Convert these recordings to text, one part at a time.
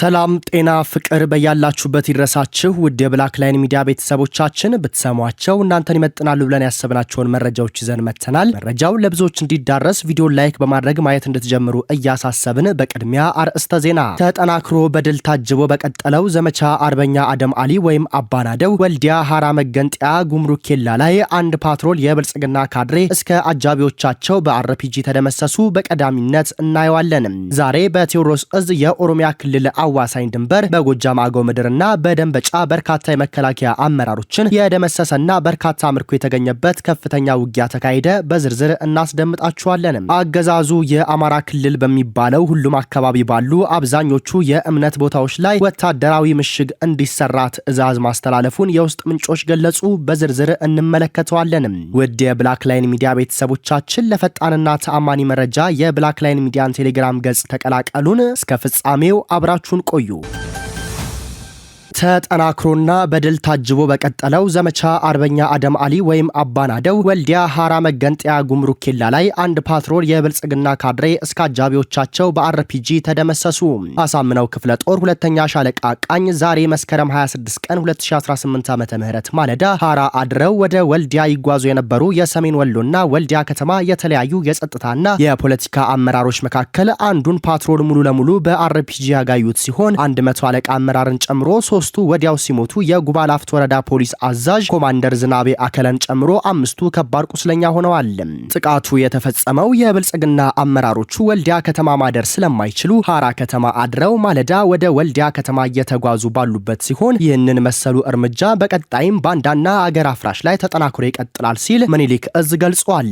ሰላም ጤና ፍቅር በያላችሁበት ይድረሳችሁ። ውድ የብላክ ላይን ሚዲያ ቤተሰቦቻችን ብትሰሟቸው እናንተን ይመጥናሉ ብለን ያሰብናቸውን መረጃዎች ይዘን መጥተናል። መረጃው ለብዙዎች እንዲዳረስ ቪዲዮ ላይክ በማድረግ ማየት እንድትጀምሩ እያሳሰብን በቅድሚያ አርዕስተ ዜና። ተጠናክሮ በድል ታጅቦ በቀጠለው ዘመቻ አርበኛ አደም አሊ ወይም አባናደው ወልዲያ ሀራ መገንጠያ ጉምሩክ ኬላ ላይ አንድ ፓትሮል የብልጽግና ካድሬ እስከ አጃቢዎቻቸው በአርፒጂ ተደመሰሱ። በቀዳሚነት እናየዋለን። ዛሬ በቴዎድሮስ እዝ የኦሮሚያ ክልል አዋሳኝ ድንበር በጎጃም አገው ምድርና በደንበጫ በርካታ የመከላከያ አመራሮችን የደመሰሰና በርካታ ምርኮ የተገኘበት ከፍተኛ ውጊያ ተካሄደ። በዝርዝር እናስደምጣችኋለንም። አገዛዙ የአማራ ክልል በሚባለው ሁሉም አካባቢ ባሉ አብዛኞቹ የእምነት ቦታዎች ላይ ወታደራዊ ምሽግ እንዲሰራ ትዕዛዝ ማስተላለፉን የውስጥ ምንጮች ገለጹ። በዝርዝር እንመለከተዋለንም። ውድ የብላክ ላይን ሚዲያ ቤተሰቦቻችን ለፈጣንና ተአማኒ መረጃ የብላክ ላይን ሚዲያን ቴሌግራም ገጽ ተቀላቀሉን። እስከ ፍጻሜው አብራችሁን ቆዩ። ተጠናክሮና በድል ታጅቦ በቀጠለው ዘመቻ አርበኛ አደም አሊ ወይም አባናደው ወልዲያ ሐራ መገንጠያ ጉምሩክ ኬላ ላይ አንድ ፓትሮል የብልጽግና ካድሬ እስከ አጃቢዎቻቸው በአርፒጂ ተደመሰሱ። አሳምነው ክፍለ ጦር ሁለተኛ ሻለቃ ቃኝ ዛሬ መስከረም 26 ቀን 2018 ዓ.ም ማለዳ ሀራ አድረው ወደ ወልዲያ ይጓዙ የነበሩ የሰሜን ወሎና ወልዲያ ከተማ የተለያዩ የጸጥታና የፖለቲካ አመራሮች መካከል አንዱን ፓትሮል ሙሉ ለሙሉ በአርፒጂ ያጋዩት ሲሆን መቶ አለቃ አመራርን ጨምሮ ሶስት አምስቱ ወዲያው ሲሞቱ የጉባላፍት ወረዳ ፖሊስ አዛዥ ኮማንደር ዝናቤ አከለን ጨምሮ አምስቱ ከባድ ቁስለኛ ሆነዋል። ጥቃቱ የተፈጸመው የብልጽግና አመራሮቹ ወልዲያ ከተማ ማደር ስለማይችሉ ሐራ ከተማ አድረው ማለዳ ወደ ወልዲያ ከተማ እየተጓዙ ባሉበት ሲሆን ይህንን መሰሉ እርምጃ በቀጣይም ባንዳና አገር አፍራሽ ላይ ተጠናክሮ ይቀጥላል ሲል ምኒልክ እዝ ገልጿል።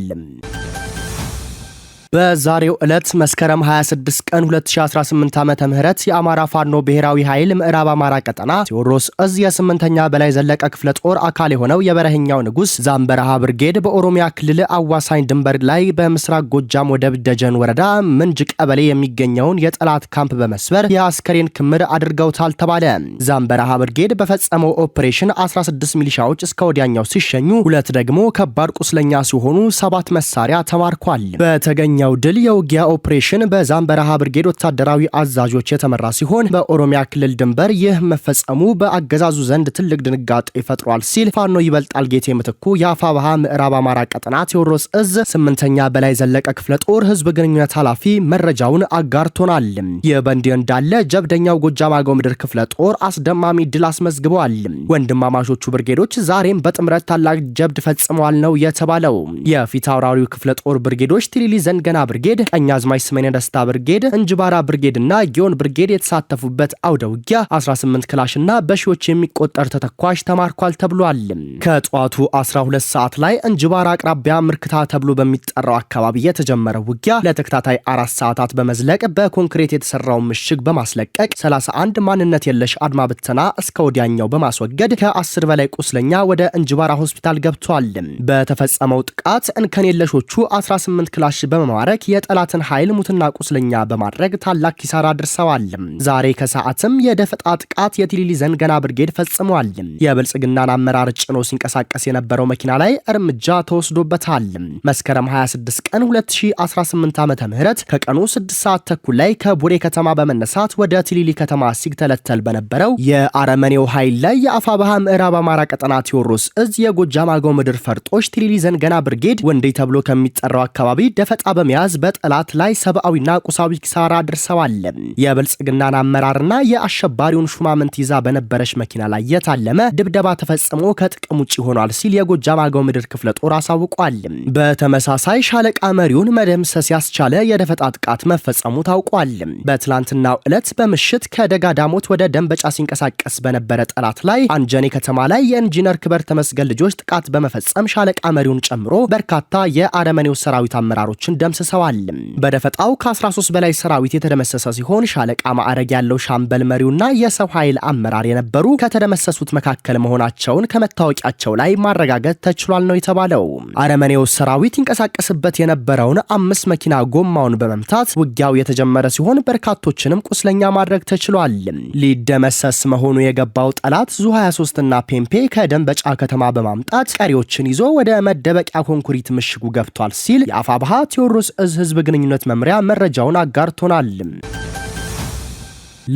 በዛሬው ዕለት መስከረም 26 ቀን 2018 ዓ ም የአማራ ፋኖ ብሔራዊ ኃይል ምዕራብ አማራ ቀጠና ቴዎድሮስ እዝ የስምንተኛ በላይ ዘለቀ ክፍለ ጦር አካል የሆነው የበረህኛው ንጉሥ ዛምበረሃ ብርጌድ በኦሮሚያ ክልል አዋሳኝ ድንበር ላይ በምስራቅ ጎጃም ወደብ ደጀን ወረዳ ምንጅ ቀበሌ የሚገኘውን የጠላት ካምፕ በመስበር የአስከሬን ክምር አድርገውታል ተባለ። ዛምበረሃ ብርጌድ በፈጸመው ኦፕሬሽን 16 ሚሊሻዎች እስከ ወዲያኛው ሲሸኙ፣ ሁለት ደግሞ ከባድ ቁስለኛ ሲሆኑ ሰባት መሳሪያ ተማርኳል። በተገኘ ሁለተኛው ድል የውጊያ ኦፕሬሽን በዛምበረሃ ብርጌድ ወታደራዊ አዛዦች የተመራ ሲሆን በኦሮሚያ ክልል ድንበር ይህ መፈጸሙ በአገዛዙ ዘንድ ትልቅ ድንጋጤ ፈጥሯል ሲል ፋኖ ይበልጣል ጌቴ ምትኩ የአፋብሃ ምዕራብ አማራ ቀጠና ቴዎድሮስ እዝ ስምንተኛ በላይ ዘለቀ ክፍለ ጦር ህዝብ ግንኙነት ኃላፊ መረጃውን አጋርቶናል። ይህ በእንዲህ እንዳለ ጀብደኛው ጎጃም አገው ምድር ክፍለ ጦር አስደማሚ ድል አስመዝግበዋል። ወንድማማቾቹ ብርጌዶች ዛሬም በጥምረት ታላቅ ጀብድ ፈጽመዋል ነው የተባለው። የፊት አውራሪው ክፍለ ጦር ብርጌዶች ቲሊሊ ዘንድ ጥገና ብርጌድ፣ ቀኝ አዝማች ስመኔ ደስታ ብርጌድ፣ እንጅባራ ብርጌድ እና ጊዮን ብርጌድ የተሳተፉበት አውደ ውጊያ 18 ክላሽና በሺዎች የሚቆጠር ተተኳሽ ተማርኳል ተብሏል። ከጠዋቱ 12 ሰዓት ላይ እንጅባራ አቅራቢያ ምርክታ ተብሎ በሚጠራው አካባቢ የተጀመረው ውጊያ ለተከታታይ አራት ሰዓታት በመዝለቅ በኮንክሪት የተሰራውን ምሽግ በማስለቀቅ 31 ማንነት የለሽ አድማ ብተና እስከ ወዲያኛው በማስወገድ ከ10 በላይ ቁስለኛ ወደ እንጅባራ ሆስፒታል ገብቷል። በተፈጸመው ጥቃት እንከን የለሾቹ 18 ክላሽ በመማ በማማረክ የጠላትን ኃይል ሙትና ቁስለኛ በማድረግ ታላቅ ኪሳራ አድርሰዋል። ዛሬ ከሰዓትም የደፈጣ ጥቃት የቲሊሊ ዘንገና ብርጌድ ፈጽመዋል። የብልጽግናን አመራር ጭኖ ሲንቀሳቀስ የነበረው መኪና ላይ እርምጃ ተወስዶበታል። መስከረም 26 ቀን 2018 ዓ ም ከቀኑ 6 ሰዓት ተኩል ላይ ከቡሬ ከተማ በመነሳት ወደ ቲሊሊ ከተማ ሲተለተል በነበረው የአረመኔው ኃይል ላይ የአፋባሃ ምዕራብ አማራ ቀጠና ቴዎድሮስ እዝ የጎጃም አገው ምድር ፈርጦች ቲሊሊ ዘንገና ብርጌድ ወንዴ ተብሎ ከሚጠራው አካባቢ ደፈጣ በ በመያዝ በጠላት ላይ ሰብአዊና ቁሳዊ ኪሳራ አድርሰዋል። የብልጽግናን አመራርና የአሸባሪውን ሹማምንት ይዛ በነበረች መኪና ላይ የታለመ ድብደባ ተፈጽሞ ከጥቅም ውጭ ሆኗል ሲል የጎጃም አገው ምድር ክፍለ ጦር አሳውቋል። በተመሳሳይ ሻለቃ መሪውን መደምሰስ ያስቻለ የደፈጣ ጥቃት መፈጸሙ ታውቋል። በትላንትናው ዕለት በምሽት ከደጋ ዳሞት ወደ ደንበጫ ሲንቀሳቀስ በነበረ ጠላት ላይ አንጀኔ ከተማ ላይ የኢንጂነር ክበር ተመስገን ልጆች ጥቃት በመፈጸም ሻለቃ መሪውን ጨምሮ በርካታ የአረመኔው ሰራዊት አመራሮችን ደምስ ደምስሰዋል። በደፈጣው ከ13 በላይ ሰራዊት የተደመሰሰ ሲሆን ሻለቃ ማዕረግ ያለው ሻምበል መሪውና የሰው ኃይል አመራር የነበሩ ከተደመሰሱት መካከል መሆናቸውን ከመታወቂያቸው ላይ ማረጋገጥ ተችሏል ነው የተባለው። አረመኔው ሰራዊት ይንቀሳቀስበት የነበረውን አምስት መኪና ጎማውን በመምታት ውጊያው የተጀመረ ሲሆን በርካቶችንም ቁስለኛ ማድረግ ተችሏል። ሊደመሰስ መሆኑ የገባው ጠላት ዙ 23 እና ፔምፔ ከደንበጫ ከተማ በማምጣት ቀሪዎችን ይዞ ወደ መደበቂያ ኮንክሪት ምሽጉ ገብቷል ሲል የአፋብሃ ቴዎድሮስ እዝ ህዝብ ግንኙነት መምሪያ መረጃውን አጋርቶናል።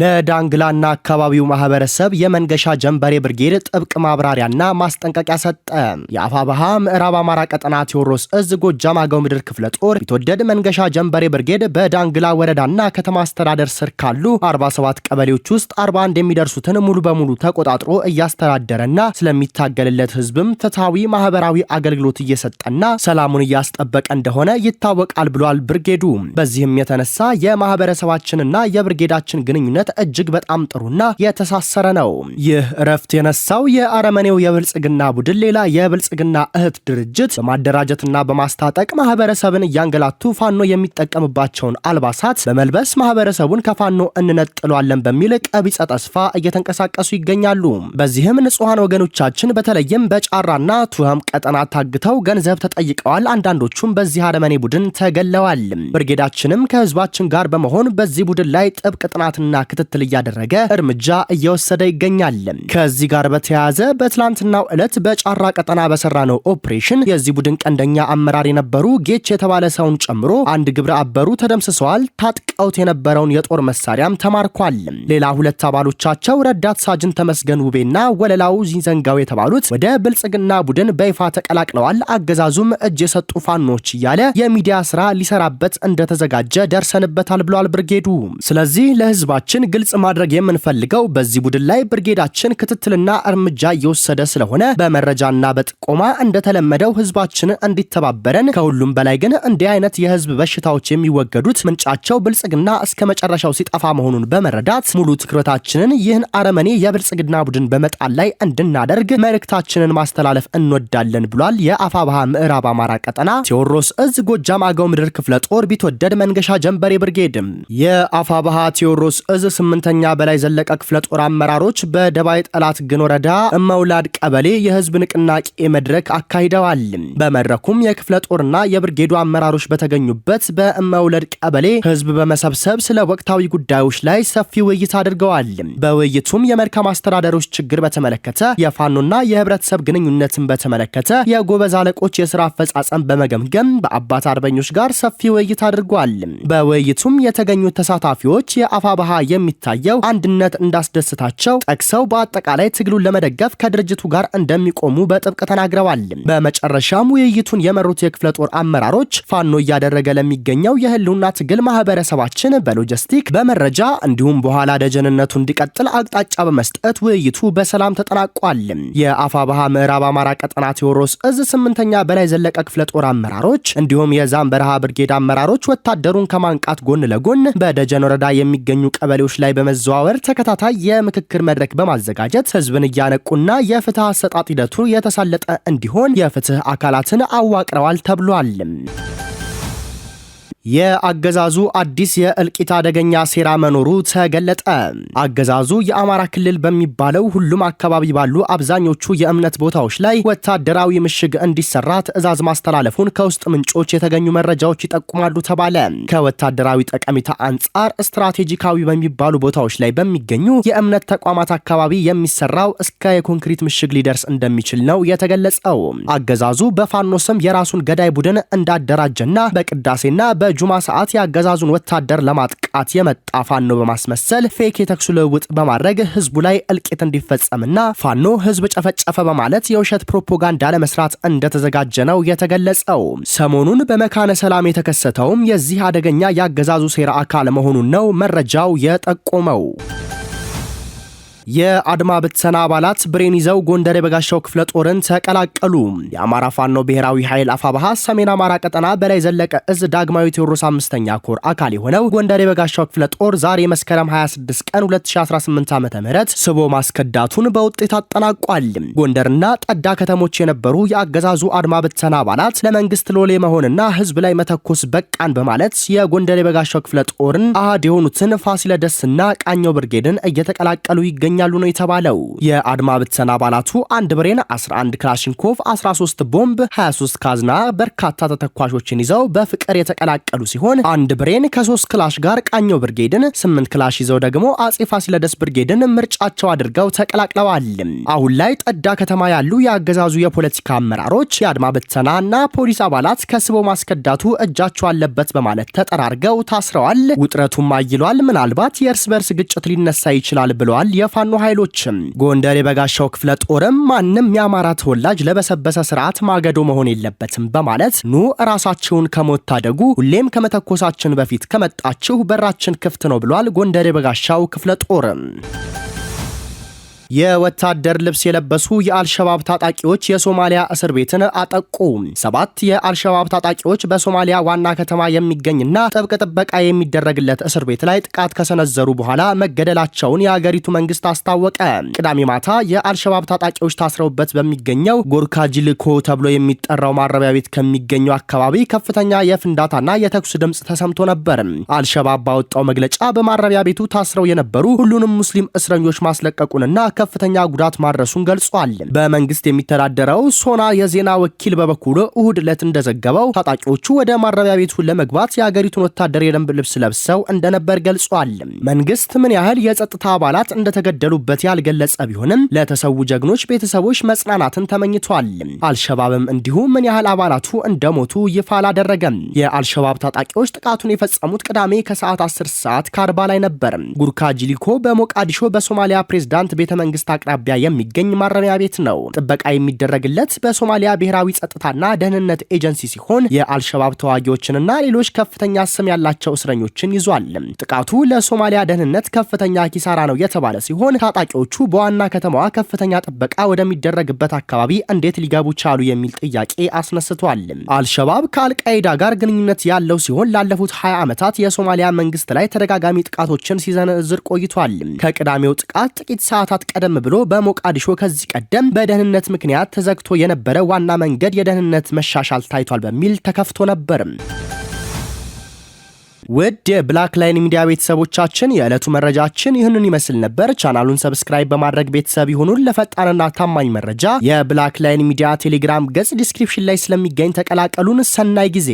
ለዳንግላና አካባቢው ማህበረሰብ የመንገሻ ጀንበሬ ብርጌድ ጥብቅ ማብራሪያና ማስጠንቀቂያ ሰጠ። የአፋባሃ ምዕራብ አማራ ቀጠና ቴዎድሮስ እዝ ጎጃም አገው ምድር ክፍለ ጦር የተወደድ መንገሻ ጀንበሬ ብርጌድ በዳንግላ ወረዳና ከተማ አስተዳደር ስር ካሉ 47 ቀበሌዎች ውስጥ 41 የሚደርሱትን ሙሉ በሙሉ ተቆጣጥሮ እያስተዳደረና ስለሚታገልለት ህዝብም ፍትሐዊ ማህበራዊ አገልግሎት እየሰጠና ሰላሙን እያስጠበቀ እንደሆነ ይታወቃል ብሏል ብርጌዱ። በዚህም የተነሳ የማህበረሰባችንና የብርጌዳችን ግንኙነት ግንኙነት እጅግ በጣም ጥሩና የተሳሰረ ነው። ይህ እረፍት የነሳው የአረመኔው የብልጽግና ቡድን ሌላ የብልጽግና እህት ድርጅት በማደራጀትና በማስታጠቅ ማህበረሰብን እያንገላቱ ፋኖ የሚጠቀምባቸውን አልባሳት በመልበስ ማህበረሰቡን ከፋኖ እንነጥሏለን በሚል ቀቢጸ ተስፋ እየተንቀሳቀሱ ይገኛሉ። በዚህም ንጹሐን ወገኖቻችን በተለይም በጫራና ቱሃም ቀጠና ታግተው ገንዘብ ተጠይቀዋል። አንዳንዶቹም በዚህ አረመኔ ቡድን ተገለዋል። ብርጌዳችንም ከህዝባችን ጋር በመሆን በዚህ ቡድን ላይ ጥብቅ ጥናትና ክትትል እያደረገ እርምጃ እየወሰደ ይገኛል። ከዚህ ጋር በተያያዘ በትላንትናው ዕለት በጫራ ቀጠና በሰራ ነው ኦፕሬሽን የዚህ ቡድን ቀንደኛ አመራር የነበሩ ጌች የተባለ ሰውን ጨምሮ አንድ ግብረ አበሩ ተደምስሰዋል። ታጥቀውት የነበረውን የጦር መሳሪያም ተማርኳል። ሌላ ሁለት አባሎቻቸው ረዳት ሳጅን ተመስገን ውቤና ወለላው ዚዘንጋው የተባሉት ወደ ብልጽግና ቡድን በይፋ ተቀላቅለዋል። አገዛዙም እጅ የሰጡ ፋኖች እያለ የሚዲያ ስራ ሊሰራበት እንደተዘጋጀ ደርሰንበታል ብሏል ብርጌዱ። ስለዚህ ለህዝባችን ለህዝባችን ግልጽ ማድረግ የምንፈልገው በዚህ ቡድን ላይ ብርጌዳችን ክትትልና እርምጃ እየወሰደ ስለሆነ በመረጃና በጥቆማ እንደተለመደው ህዝባችን እንዲተባበረን፣ ከሁሉም በላይ ግን እንዲህ አይነት የህዝብ በሽታዎች የሚወገዱት ምንጫቸው ብልጽግና እስከ መጨረሻው ሲጠፋ መሆኑን በመረዳት ሙሉ ትኩረታችንን ይህን አረመኔ የብልጽግና ቡድን በመጣል ላይ እንድናደርግ መልእክታችንን ማስተላለፍ እንወዳለን ብሏል። የአፋባሃ ምዕራብ አማራ ቀጠና ቴዎድሮስ እዝ ጎጃም አገው ምድር ክፍለ ጦር ቢትወደድ መንገሻ ጀንበሬ ብርጌድም የአፋባሃ ቴዎድሮስ እዝ እዝ ስምንተኛ በላይ ዘለቀ ክፍለ ጦር አመራሮች በደባይ ጠላት ግን ወረዳ እመውላድ ቀበሌ የህዝብ ንቅናቄ መድረክ አካሂደዋል። በመድረኩም የክፍለ ጦርና የብርጌዱ አመራሮች በተገኙበት በእመውለድ ቀበሌ ህዝብ በመሰብሰብ ስለ ወቅታዊ ጉዳዮች ላይ ሰፊ ውይይት አድርገዋል። በውይይቱም የመልካም አስተዳደሮች ችግር በተመለከተ፣ የፋኖና የህብረተሰብ ግንኙነትን በተመለከተ፣ የጎበዝ አለቆች የስራ አፈጻጸም በመገምገም በአባት አርበኞች ጋር ሰፊ ውይይት አድርጓል። በውይይቱም የተገኙት ተሳታፊዎች የአፋ ባህ የሚታየው አንድነት እንዳስደስታቸው ጠቅሰው በአጠቃላይ ትግሉን ለመደገፍ ከድርጅቱ ጋር እንደሚቆሙ በጥብቅ ተናግረዋል። በመጨረሻም ውይይቱን የመሩት የክፍለ ጦር አመራሮች ፋኖ እያደረገ ለሚገኘው የህልውና ትግል ማህበረሰባችን በሎጂስቲክ በመረጃ እንዲሁም በኋላ ደጀንነቱ እንዲቀጥል አቅጣጫ በመስጠት ውይይቱ በሰላም ተጠናቋል። የአፋባሃ ምዕራብ አማራ ቀጠና ቴዎድሮስ እዝ ስምንተኛ በላይ ዘለቀ ክፍለ ጦር አመራሮች እንዲሁም የዛምበረሃ ብርጌድ አመራሮች ወታደሩን ከማንቃት ጎን ለጎን በደጀን ወረዳ የሚገኙ ቀበሌ ነዋሪዎች ላይ በመዘዋወር ተከታታይ የምክክር መድረክ በማዘጋጀት ህዝብን እያነቁና የፍትህ አሰጣጥ ሂደቱ የተሳለጠ እንዲሆን የፍትህ አካላትን አዋቅረዋል ተብሏል። የአገዛዙ አዲስ የእልቂት አደገኛ ሴራ መኖሩ ተገለጠ። አገዛዙ የአማራ ክልል በሚባለው ሁሉም አካባቢ ባሉ አብዛኞቹ የእምነት ቦታዎች ላይ ወታደራዊ ምሽግ እንዲሰራ ትዕዛዝ ማስተላለፉን ከውስጥ ምንጮች የተገኙ መረጃዎች ይጠቁማሉ ተባለ። ከወታደራዊ ጠቀሜታ አንጻር ስትራቴጂካዊ በሚባሉ ቦታዎች ላይ በሚገኙ የእምነት ተቋማት አካባቢ የሚሰራው እስከ የኮንክሪት ምሽግ ሊደርስ እንደሚችል ነው የተገለጸው። አገዛዙ በፋኖ ስም የራሱን ገዳይ ቡድን እንዳደራጀና በቅዳሴና በ በጁማ ሰዓት የአገዛዙን ወታደር ለማጥቃት የመጣ ፋኖ በማስመሰል ፌክ የተኩስ ልውውጥ በማድረግ ህዝቡ ላይ እልቂት እንዲፈጸምና ፋኖ ህዝብ ጨፈጨፈ በማለት የውሸት ፕሮፓጋንዳ ለመስራት እንደተዘጋጀ ነው የተገለጸው። ሰሞኑን በመካነ ሰላም የተከሰተውም የዚህ አደገኛ የአገዛዙ ሴራ አካል መሆኑን ነው መረጃው የጠቆመው። የአድማ ብትሰና አባላት ብሬን ይዘው ጎንደር የበጋሻው ክፍለ ጦርን ተቀላቀሉ። የአማራ ፋኖ ብሔራዊ ኃይል አፋባሃ ሰሜን አማራ ቀጠና በላይ ዘለቀ እዝ ዳግማዊ ቴዎድሮስ አምስተኛ ኮር አካል የሆነው ጎንደር የበጋሻው ክፍለ ጦር ዛሬ መስከረም 26 ቀን 2018 ዓ ም ስቦ ማስከዳቱን በውጤት አጠናቋል። ጎንደርና ጠዳ ከተሞች የነበሩ የአገዛዙ አድማ ብትሰና አባላት ለመንግስት ሎሌ መሆንና ህዝብ ላይ መተኮስ በቃን በማለት የጎንደር የበጋሻው ክፍለ ጦርን አህድ የሆኑትን ፋሲለደስና ቃኘው ብርጌድን እየተቀላቀሉ ይገኛል። ይገኛሉ ነው የተባለው። የአድማ ብተና አባላቱ አንድ ብሬን፣ 11 ክላሽንኮቭ፣ 13 ቦምብ፣ 23 ካዝና በርካታ ተተኳሾችን ይዘው በፍቅር የተቀላቀሉ ሲሆን አንድ ብሬን ከሶስት ክላሽ ጋር ቃኘው ብርጌድን፣ 8 ክላሽ ይዘው ደግሞ አጼ ፋሲለደስ ብርጌድን ምርጫቸው አድርገው ተቀላቅለዋል። አሁን ላይ ጠዳ ከተማ ያሉ የአገዛዙ የፖለቲካ አመራሮች የአድማ ብተናና ፖሊስ አባላት ከስቦ ማስከዳቱ እጃቸው አለበት በማለት ተጠራርገው ታስረዋል። ውጥረቱም አይሏል። ምናልባት የእርስ በርስ ግጭት ሊነሳ ይችላል ብለዋል የፋ ፋኖ ኃይሎችም ጎንደር የበጋሻው ክፍለ ጦርም ማንም የአማራ ተወላጅ ለበሰበሰ ስርዓት ማገዶ መሆን የለበትም በማለት ኑ ራሳችሁን ከሞት ታደጉ፣ ሁሌም ከመተኮሳችን በፊት ከመጣችሁ በራችን ክፍት ነው ብሏል። ጎንደር የበጋሻው ክፍለ ጦርም የወታደር ልብስ የለበሱ የአልሸባብ ታጣቂዎች የሶማሊያ እስር ቤትን አጠቁ። ሰባት የአልሸባብ ታጣቂዎች በሶማሊያ ዋና ከተማ የሚገኝና ጥብቅ ጥበቃ የሚደረግለት እስር ቤት ላይ ጥቃት ከሰነዘሩ በኋላ መገደላቸውን የአገሪቱ መንግስት አስታወቀ። ቅዳሜ ማታ የአልሸባብ ታጣቂዎች ታስረውበት በሚገኘው ጎርካ ጅልኮ ተብሎ የሚጠራው ማረቢያ ቤት ከሚገኘው አካባቢ ከፍተኛ የፍንዳታና የተኩስ ድምፅ ተሰምቶ ነበር። አልሸባብ ባወጣው መግለጫ በማረቢያ ቤቱ ታስረው የነበሩ ሁሉንም ሙስሊም እስረኞች ማስለቀቁንና ከፍተኛ ጉዳት ማድረሱን ገልጿል። በመንግስት የሚተዳደረው ሶና የዜና ወኪል በበኩሉ እሁድ ዕለት እንደዘገበው ታጣቂዎቹ ወደ ማረቢያ ቤቱን ለመግባት የአገሪቱን ወታደር የደንብ ልብስ ለብሰው እንደነበር ገልጿል። መንግስት ምን ያህል የጸጥታ አባላት እንደተገደሉበት ያልገለጸ ቢሆንም ለተሰዉ ጀግኖች ቤተሰቦች መጽናናትን ተመኝቷል። አልሸባብም እንዲሁ ምን ያህል አባላቱ እንደሞቱ ይፋ አላደረገም። የአልሸባብ ታጣቂዎች ጥቃቱን የፈጸሙት ቅዳሜ ከሰዓት 10 ሰዓት ከአርባ ላይ ነበር። ጉርካ ጂሊኮ በሞቃዲሾ በሶማሊያ ፕሬዝዳንት ቤተመ መንግስት አቅራቢያ የሚገኝ ማረሚያ ቤት ነው። ጥበቃ የሚደረግለት በሶማሊያ ብሔራዊ ጸጥታና ደህንነት ኤጀንሲ ሲሆን የአልሸባብ ተዋጊዎችንና ሌሎች ከፍተኛ ስም ያላቸው እስረኞችን ይዟል። ጥቃቱ ለሶማሊያ ደህንነት ከፍተኛ ኪሳራ ነው የተባለ ሲሆን ታጣቂዎቹ በዋና ከተማዋ ከፍተኛ ጥበቃ ወደሚደረግበት አካባቢ እንዴት ሊገቡ ቻሉ የሚል ጥያቄ አስነስቷል። አልሸባብ ከአልቃይዳ ጋር ግንኙነት ያለው ሲሆን ላለፉት 20 ዓመታት የሶማሊያ መንግስት ላይ ተደጋጋሚ ጥቃቶችን ሲዘነዝር ቆይቷል። ከቅዳሜው ጥቃት ጥቂት ሰዓታት ቀደም ብሎ በሞቃዲሾ ከዚህ ቀደም በደህንነት ምክንያት ተዘግቶ የነበረ ዋና መንገድ የደህንነት መሻሻል ታይቷል በሚል ተከፍቶ ነበርም። ውድ የብላክ ላይን ሚዲያ ቤተሰቦቻችን የዕለቱ መረጃችን ይህንን ይመስል ነበር። ቻናሉን ሰብስክራይብ በማድረግ ቤተሰብ ይሁኑን። ለፈጣንና ታማኝ መረጃ የብላክ ላይን ሚዲያ ቴሌግራም ገጽ ዲስክሪፕሽን ላይ ስለሚገኝ ተቀላቀሉን። ሰናይ ጊዜ